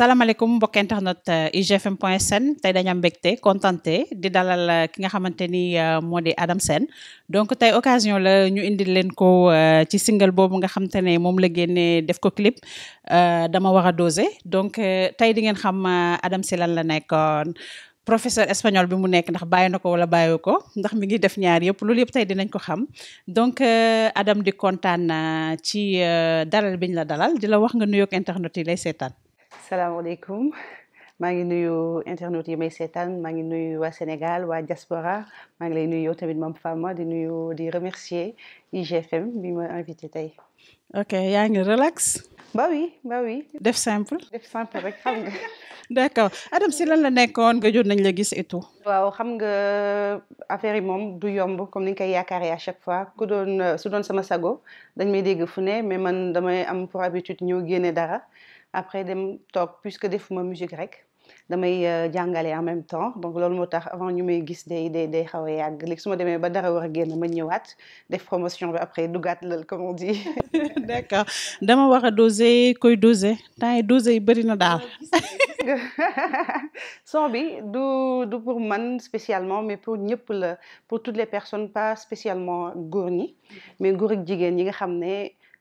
salaamaaleykum mbok internet euh, iGFM point sn tey dañu am mbégte kontante di dalal euh, ki nga xamante ni euh, moo di Adam Sène donc tey occasion la ñu indil leen ko ci single boobu nga xamante ne moom la génne def ko clip dama war a dosé donc tey di ngeen xam Adam si lan la nekkoon professeur espagnol bi mu nekk ndax bàyyi na ko wala bàyyi ko ndax mi ngi def ñaar yëpp loolu yëpp tey dinañ ko xam donc Adam di kontaan ci dalal biñ la dalal di la wax nga nuyoog internet yi lay seetaan. Salam alaikum. à nuyu internautes yi Sénégal diaspora je lay nuyu remercier IGFM bi m'inviter ok y'a relax. Bah oui bah oui. def simple. def simple rek xam Adam si lan la que nañ et tout. waaw xam nga affaire yi comme ni à chaque fois ku su sago mais man damay am pour habitude dara après dem que puisque musique rek damay euh, en même temps donc avant ñu may gis ba promotion après comme on dit. D'accord. dama doser koy doser temps doser yi na son bi du pour man spécialement mais pour ñëpp pour toutes les personnes pas spécialement mais jigen yi nga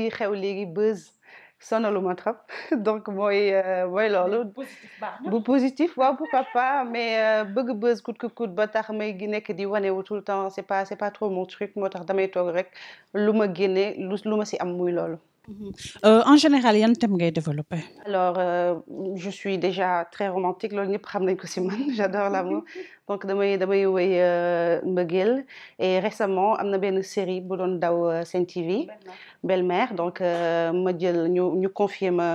luy xew léegi buzz sonaluma trop donc mooy euh, mooy loolu bu positif waaw pourquoi pas mais euh, bëgg buzz coûte que coûte ba tax may gi nekk di wane wu tout le temps c'est pas c'est pas trop mon truc moo tax damay toog rek lu ma génne lu ma si am muy loolu Mhm. Euh, en général, yan thème ngay développé Alors, euh, je suis déjà très romantique, j'adore l'amour. Donc je suis woy euh, et récemment a une série saint TV, Belle-mère. Donc ma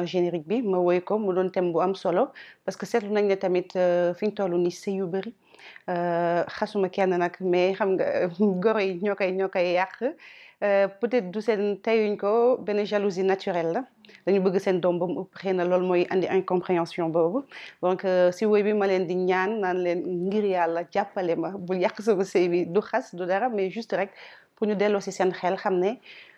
générique bi, ma parce que c'est Euh, peut-être du sen tayuñ ko jalousie naturelle la dañu bëgg incompréhension donc si woy bi ma di ñaan vous leen ngir yàlla jàppale ma bul yàq sama sëy bi du du dara mais juste pour ñu xel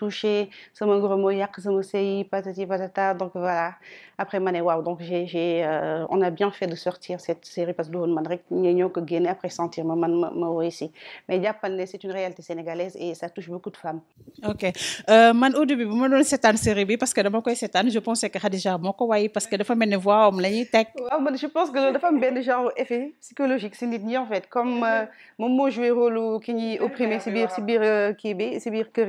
touché sama ngoro moo yàq sama sëy patati patata donc voilà après mané, waouh. donc j'ai j'ai euh, on a bien fait de sortir cette série parce que doon man rek ñe ñoo ko après sentir ma man ma ma mais jàppal c'est une réalité sénégalaise et ça touche beaucoup de femmes ok euh, man au début bu ma cette seetaan série bi parce que dama koy année je pensais que Khadija déjà ko waaye parce que dafa mel ne voix am la ñuy waaw man je pense que loolu dafa ben genre effet psychologique c'est nit en fait comme mon euh, mot joué rôle ki opprimé si biir si biir kii c'est si biir kër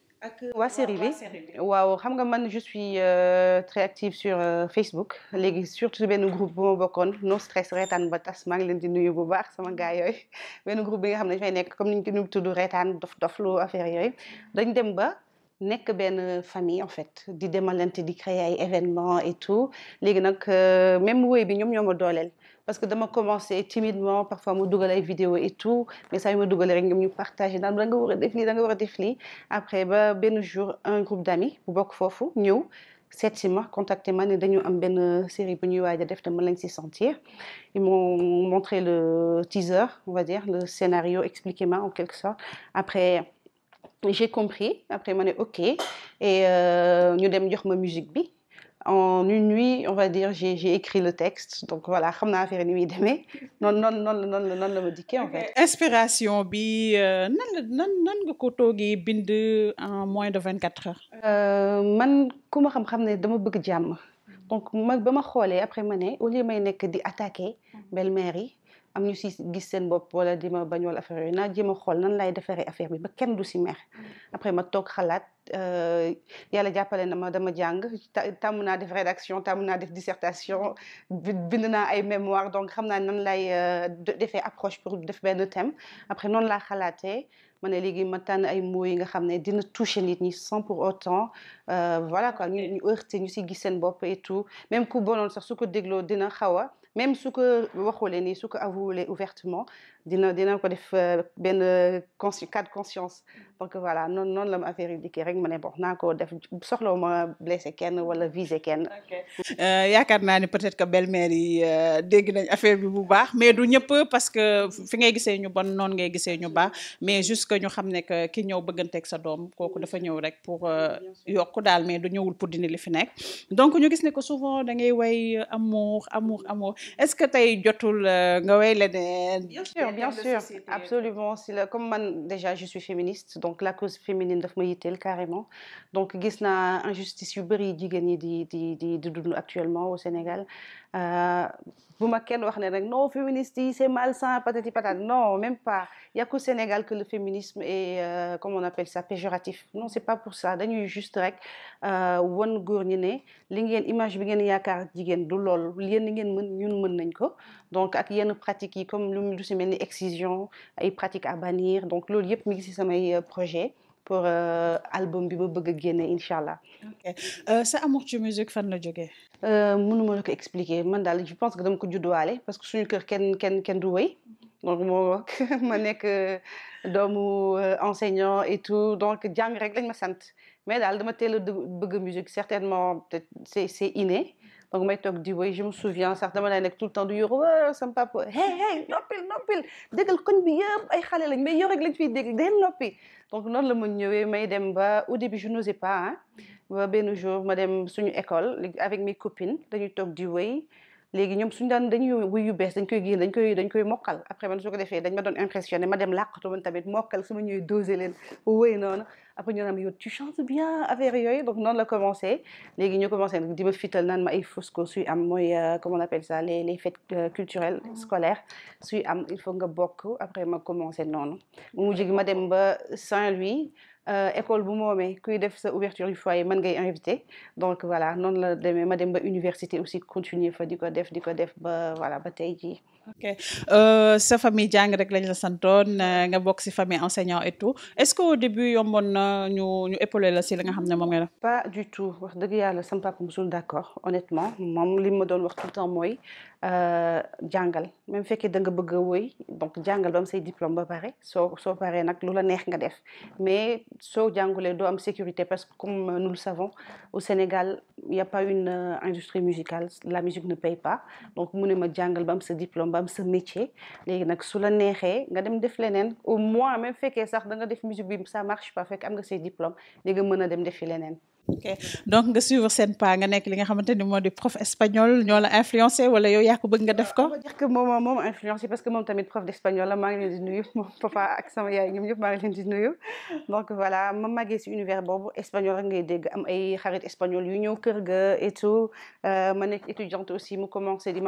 Wasseri bi waaw xam nga man je suis euh, très active sur euh, Facebook légui surtout ben groupe bu ma no stress retane ba tas maa len di nuyu bu baax sama gaay yoy. Ben groupe bi nga xam ne dafay nekk comme niñ ñu ko tuddu retane dof dof lu affaire yoy. dañ dem ba nek ben famille en fait di demalante di créer ay événement et tout léegi nag euh, même woy bi ñom ñoma dolel parce que dama commencé timidement parfois mo dougal ay vidéo et tout mais ça y ma dougal rek ñu partager naan da nga wara def li nga wara def li après ba jour un groupe d'amis bu de fofu, nous, sept si contacté man dañu am ben série bu ñuy waja a def te mën lañ ci sentir ils m'ont montré le teaser on va dire le scénario expliqué ma en quelque sorte après j'ai compris après mané ok et euh, ñu dem jox ma musique bi en une nuit on va dire j'ai écrit le texte donc voilà je vais une une nuit Non, non, non, non, non, non en fait. inspiration bi non, non, non, non, en moins de 24 heures. Euh, man je xam donc ma après au lieu may attaquer mm-hmm. belle-mère am ñu si gis seen bopp wala di ma bañ wala affaire yooyu naa jéem a xool nan lay defaree affaire bi ba kenn du si mer mm. après ma toog xalaat euh, yàlla jàppale na ma dama jàng tàmm naa def rédaction tàmm naa def dissertation bind naa ay mémoire donc xam naa nan lay euh, defee approche pour def benn thème après noonu laa xalaatee ma ne léegi ma tànn ay mots yi nga xam ne dina toucher nit ñi sans pour autant euh, voilà quoi ñu ñu heurter ñu si gis seen bopp et tout même ku bonoon sax su ko dégloo dina xaw a même sous que vous voulez ni sous que vous voulez ouvertement dina dina ko def euh, ben conscience cadre de conscience donc voilà non non la affaire yi dikkee rek ma ne bon naa ko def soxlawu ma blessé kenn wala viser kenn. Euh, yaakaar naa ni peut-être que belle-mère yi euh, dégg nañ affaire bi bu baax mais du ñëpp parce que fi ngay gisee ñu bon non ngay gisee ñu baax mais juste que ñu xamné que ki ñëw ak sa doom koku dafa ñëw rek pour yokk dal mais du ñëwul pour dindi li fi nek donc ñu gis né ko souvent da ngay way amour amour amour est-ce que tay jotul nga way lénen bien sûr euh, absolument comme déjà je suis féministe donc la cause féminine daf ma carrément donc il y injustice une injustice qui actuellement au Sénégal vous euh, ma kenn wax rek non féministe c'est malsain patati patate non même pas il y a qu'au Sénégal que le féminisme est euh, comment on appelle ça péjoratif non c'est pas pour ça dañuy juste rek euh, góor ñi li image bi ngeen yaakaar jigéen du lol yéen li ngeen mën ñun mën nañ ko donc ak yenn pratique yi comme lu lu si mel excision ay à bannir donc loolu yëpp mi ngi euh, projet pour l'album euh, bi ma bëgg Inch'Allah. Inch'Allah. C'est l'amour ok euh, sa amour ci musique fan la Je ne peux peux expliquer man je pense que je dois aller, parce que je suis cœur ken ken du je donc je ma nekk euh, doomu enseignant et tout donc je rek lañ ma santé. mais daal dama teel a bëgg musique certainement c'est c'est inné. Donc, may toog di way je me souviens Certainement dama naa tout le temps du yoro wa sama papa hey hey noppil noppil déggal koñ bi yëpp ay xale lañ mais yow rek lañ fiy dégg deen noppi donc non, la mon ñëwee may dem ba au début je n'osais pas hein. ba un ben, jour ma dem suñu école avec mes copines dañuy toog di way léegi ñom suñu daan dañuy wuy yu dañ koy génn dañ koy dañ koy mokal après man su ko defee dañ ma don impressionné ma dem làqatu man tamit mokkal su ma ñëwee doser leen wéy non. après ñu naan yo tu chantes bien affaire yooyu donc non la commencé léegi ñu commencé di ma fital nan ma ay fusco suy am mooy euh, comment on appelle ça les les fêtes euh, culturelles mm-hmm. scolaires suy am il faut nga bokk après ma commencé non, mu jigi ma dem ba Saint-Louis Euh, école bu moomee kuy def sa ouverture du foyer mën ngay invité donc voilà noonu la demee ma dem ba université aussi continuer fa di ko def di ko def ba voilà ba tey jii ok euh, sa famille jàng rek lañ la santoon nga bokk famille enseignant et tout est-ce que au début yomboon na ñu épaulé la si nga xam ne def pas du tout wax dëgg yàlla sama papa musul d'accord honnêtement moom li ma doon wax tout le temps mooy euh, même fekkee da nga bëgg a woy donc jàngal ba am say diplôme ba pare soo soo paree nag lu la neex nga def mais soo jàngulee doo am sécurité parce que comme nous le savons au Sénégal il y a pas une euh, industrie musicale la musique ne paye pas donc mu ne ma jàngal ba sa diplôme bam am sa métier léegi nag su la neexee nga dem def leneen au mois même fekkee sax da nga def musique bi ça marche pas fekk am nga say diplôme di nga mën a dem defi leneen Okay, donc nga suivre nga li nga prof espagnol ñoo la influencé wala yow ko bëgg nga def ko. Ah, dire que influencé parce que tamit prof d'espagnol la papa ak donc voilà ma ci univers bobu espagnol rek dégg am ay espagnol et tout euh, étudiante aussi mu commencé di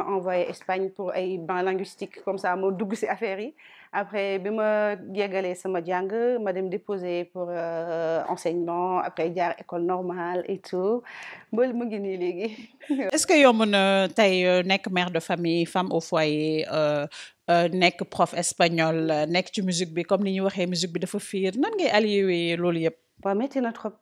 Espagne pour ay linguistique comme ça mo dugg affaire après bi ma yeggalee sama jàng ma dem déposer pour euh, enseignement après à école normale et tout ba mu ngi nii est-ce que vous avez une mère de famille femme au foyer euh, euh, nek prof espagnol une musique comme comme ni ñu musique bi dafa fiir est ngay que vous yëpp waaw bah, métti na trop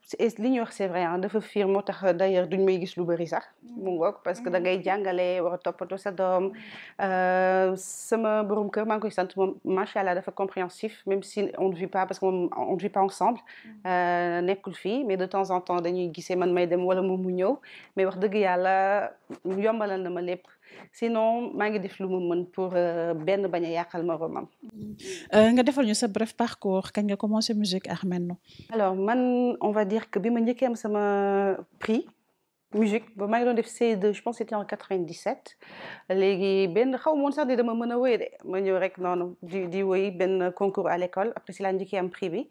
li ñu wax c'est vrai ah dafa fiir moo tax d'ailleurs duñ may gis lu bari sax mu ngok parce que da mm. ngay jangalé wara topato sa dom euh sama borom kër maa ngi koy sant moom macha allah dafa compréhensif même si on ne vit pas parce qu'on moom on ne vit pas ensemble mm. euh nekul fi mais de temps en temps dañuy gisee man may dem wala mo mu ñew mais wax deug Yalla yombalal na ma lepp sinon maa ngi def lu ma mën pour euh, benn bañ a yàqal moroomam. Euh, nga defal ñu sa bref parcours kañ nga commencé musique Armelle alors man on va dire que bi ma njëkkee sama prix musique ba ma ngi doon def C2 je pense c'était en 97 léegi benn xaw moon sax di dama mën a wéy de ma ñëw rek noonu di di wéy benn concours à l'école après si laa njëkkee am prix bi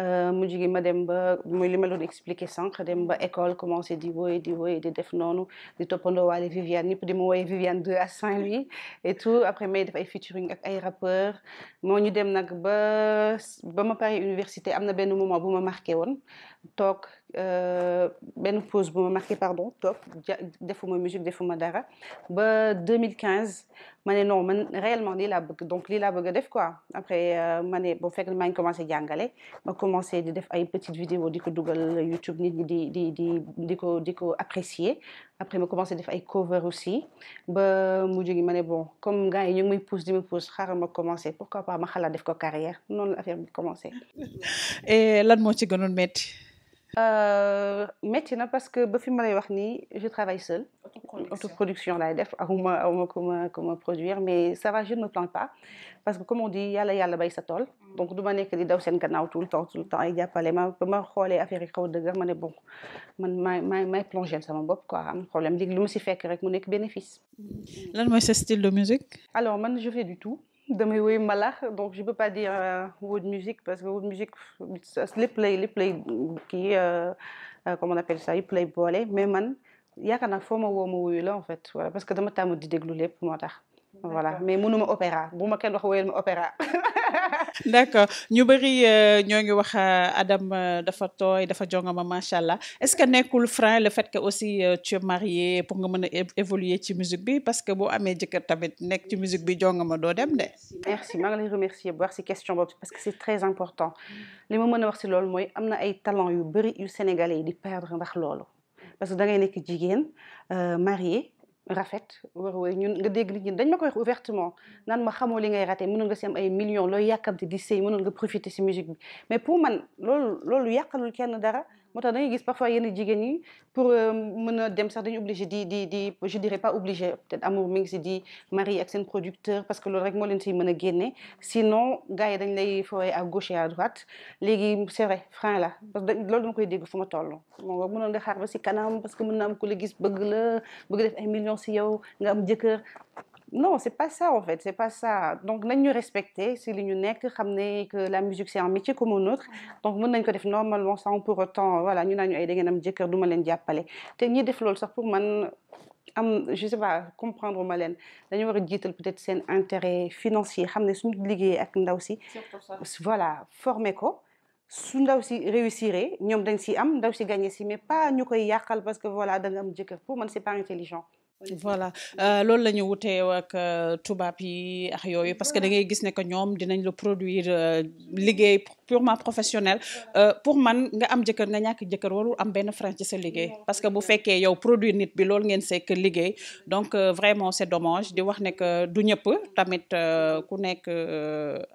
euh, mu jigi ma dem ba muy li ma doon expliqué sànq dem ba école commencé di wéy di wéy di def noonu di toppandoo waale Viviane ñëpp di ma wooye Viviane 2 à Saint-Louis et tout après may def ay featuring ak ay rappeurs moo ñu dem nag ba ba ma pare université am na benn moment bu ma marqué woon toog ben pause bu marqué pardon top des musique des dara ba 2015 mané non man réellement donc quoi après euh, mané commencé ma commencé vidéos YouTube nit ni di di après ma commencé def ay cover aussi ba suis bon comme gars pousse di pourquoi pas ma def carrière non commencé. et lan ci euh, métti na parce que ba fi ma lay wax je travaille seule. autoproduction laay def awma comment ku produire mais ça va je ne me plains pas parce que comme on dit yàlla yàlla bay sa tol. Mm. donc de manière que di daw seen gannaaw tout le temps tout le temps ay jàppale ma ba ma xoolee affaire yi xaw de guerre, mais bon man maay maay maay plongé sama bopp quoi am problème léegi lu ma si fekk rek mu nekk bénéfice. Là, moi, c'est style de musique. alors man je fais du tout de mes woy donc je peux pas dire euh, wood music parce que wood music les lay lépp lay qui euh, euh, comment on appelle ça yëpp lay bolé. mais man y a foo ma où on woyu là, en fait voilà parce que dans dama tàmm di déglu lépp moo tax voilà mais nom opéra Bon ma kenn wax opéra D'accord. Nous ñu bëri euh, wax euh, Adam euh, dafa toy dafa jongama machallah. est ce que nekul frein le fait que aussi tu es marié pour nga mën évoluer ci musique bi parce que vous avez jëkkër tamit nek ci musique bi jongama do dem dé. merci maa ngi lay remercier bu baax question parce que c'est très important li ma mën wax ci lool moy amna ay talent yu bari yu sénégalais di perdre ndax lool. parce que da ngay nekk jigéen marié rafet war way ñun nga dégg nit ñi dañ ma koy wax ouvertement mm. naan ma xamoo li ngay raté mënoon nga si am ay millions looy yàkkamte di sëy mënoon nga profiter si musique bi mais pour man loolu loolu yàqalul kenn dara moi tax dañuy gis parfois yenn jigéen ñi pour euh, mën a dem sax dañu obligé di di di je dirais pas obligé peut-être amour mi ngi dit di mari ak seen producteur parce que le rek moo leen siy mën sinon gars yi dañ lay à gauche et à droite léegi c'est vrai frein là parce que loolu dama koy dit que faut toll moo mënoon nga ba si kanam parce que mon na am ku se gis bëgg la bëgg def ay millions si yow nga am jëkkër non c'est pas ça en fait c'est pas ça donc nous respectons, respecter si que la musique c'est un métier comme un autre donc mën normalement sans pour autant voilà nous, nous ay nous, nous pour man je sais pas comprendre Malène. dañu peut-être un intérêt financier Ramener son suñu liggéeyee ak voilà former quoi. su aussi réussirait. Nous si mais pas qui parce que voilà da nga am pour man c'est pas intelligent voilà c'est euh, ce ak euh, parce que da gis produire euh, purement professionnel pour moi, nga am nga am parce que bu féké yow produit nit bi ngeen donc vraiment c'est dommage di wax que du ñëpp tamit ku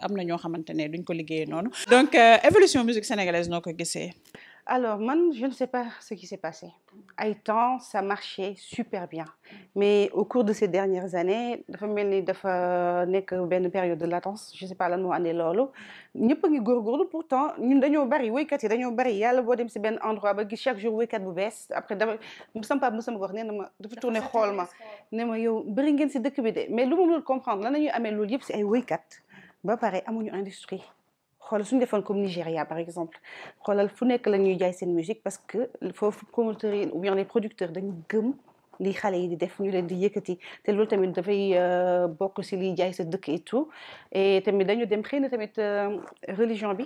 duñ ko donc évolution musique sénégalaise alors, moi, je ne sais pas ce qui s'est passé. À Itan, ça marchait super bien. Mais au cours de ces dernières années, dafa mel ni dafa nekk benn période de latence je ne sais pas lan moo andee loolu ñëpp a ngi góorgóorlu pourtant ñun dañoo bari woykat yi dañoo bari yàlla boo dem si benn endroit ba gis chaque jour woykat bu bees après dama sama papa mosama ko wax nee na ma dafa tourné xool ma ne ma yow bëri ngeen si dëkk bi de mais lu ma comprendre lan la ñuy amee loolu yëpp si ay woykat ba pare amuñu industrie xoolal suñu defoon comme Nigeria par exemple xoolal fu nekk la ñuy jaay seen musique parce que foofu promoteurs yi ou bien les producteurs dañu gëm li xale yi di def ñu leen di yëkkati te loolu tamit dafay euh, bokk si liy jaay sa dëkk et tout et tamit dañu dem xëy na tamit euh, religion bi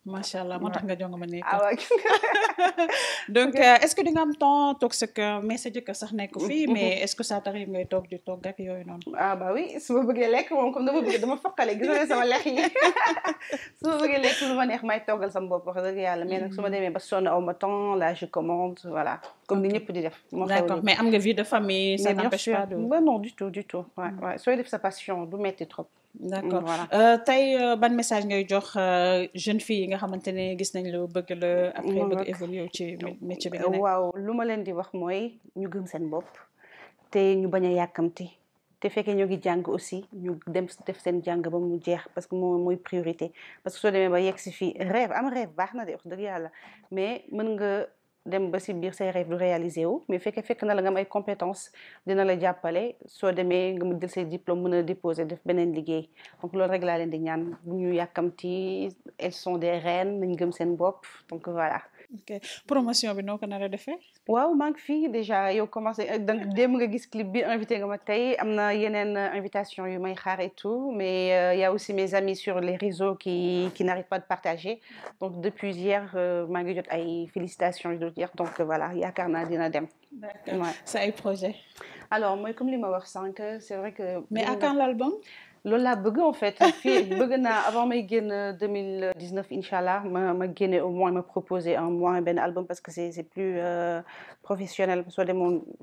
Masha'Allah, moo nga ah, donc euh, est-ce que di temps mais mm-hmm. mais est-ce que ça t'arrive ah bah oui su ma bëggee lekk comme dama bëgg dama foqale gis sama vous yi su ma bëggee lekk neex may toggal sama bopp wax dëgg yàlla mais nag su ma mm-hmm. ba sonn temps là je commande voilà comme ni mais am nga vie de famille ça t'empêche pas de bah non du tout du tout ouais mm. sa passion vous mettez trop d' accord euh, tey euh, ban message ngay jox euh, jeune fille yi nga xamantene gis nañ lo bëgg la. après bëgg évoluer ci métier bi nga nekk. waaw luma ma leen di wax mooy ñu gëm seen bopp te ñu bañ a yàkkamti te fekkee ñoo ngi jàng aussi ñu dem def seen jàng ba mu jeex parce que moo mooy priorité parce que soo demee ba yegg si fii rêve am rêve baax na de wax dëgg yàlla mais mën nga dem ba ci biir say rêve du réaliser wu mais fekkee fekk na la nga am ay compétences dina la jàppale soo demee nga mu jël say diplôme mën a déposer def beneen liggéey donc loolu rek laa leen di ñaan bu ñu yàkkamti elles sont des reines nañ gëm seen bopp donc voilà ok promotion bi avez a déjà fait. Wow, manque fille déjà yow commencé euh, donc démb nga suis clip invité nga ma il y a une invitation il et tout mais il euh, y a aussi mes amis sur les réseaux qui qui n'arrêtent pas de partager donc depuis hier je euh, ngi jot ay félicitations je dois dire. donc voilà y a dina dem. d'accord c'est un projet. alors moi, comme les ma wax c'est vrai que. mais à quand l'album. Lola, laa en fait fii bëgg avant 2019 Inshallah, ma ma au moins me proposer un moins album parce que c'est plus euh, professionnel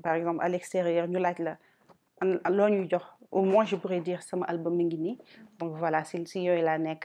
par exemple à l'extérieur ñu la au moins je pourrais dire que album mon album. donc voilà c'est si yooyu laa nekk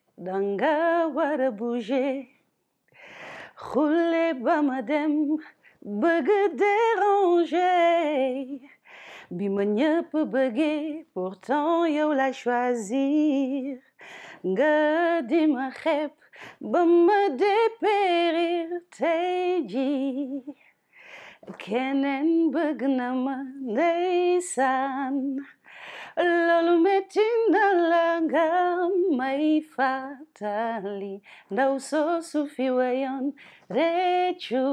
danga war bouge bouger ba madem dem déranger bi ma pourtant yo la choisir ga di ma ba dépérir kenen na ma lolometina langa maifatali nausosufiwa yon rechu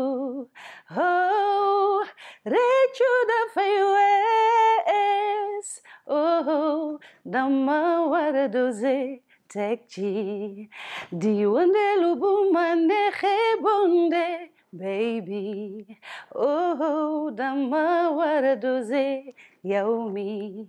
oh rechu da faiwes oh damawara doze tekchi lubu mane hebonde baby oh دما وردو زي يومي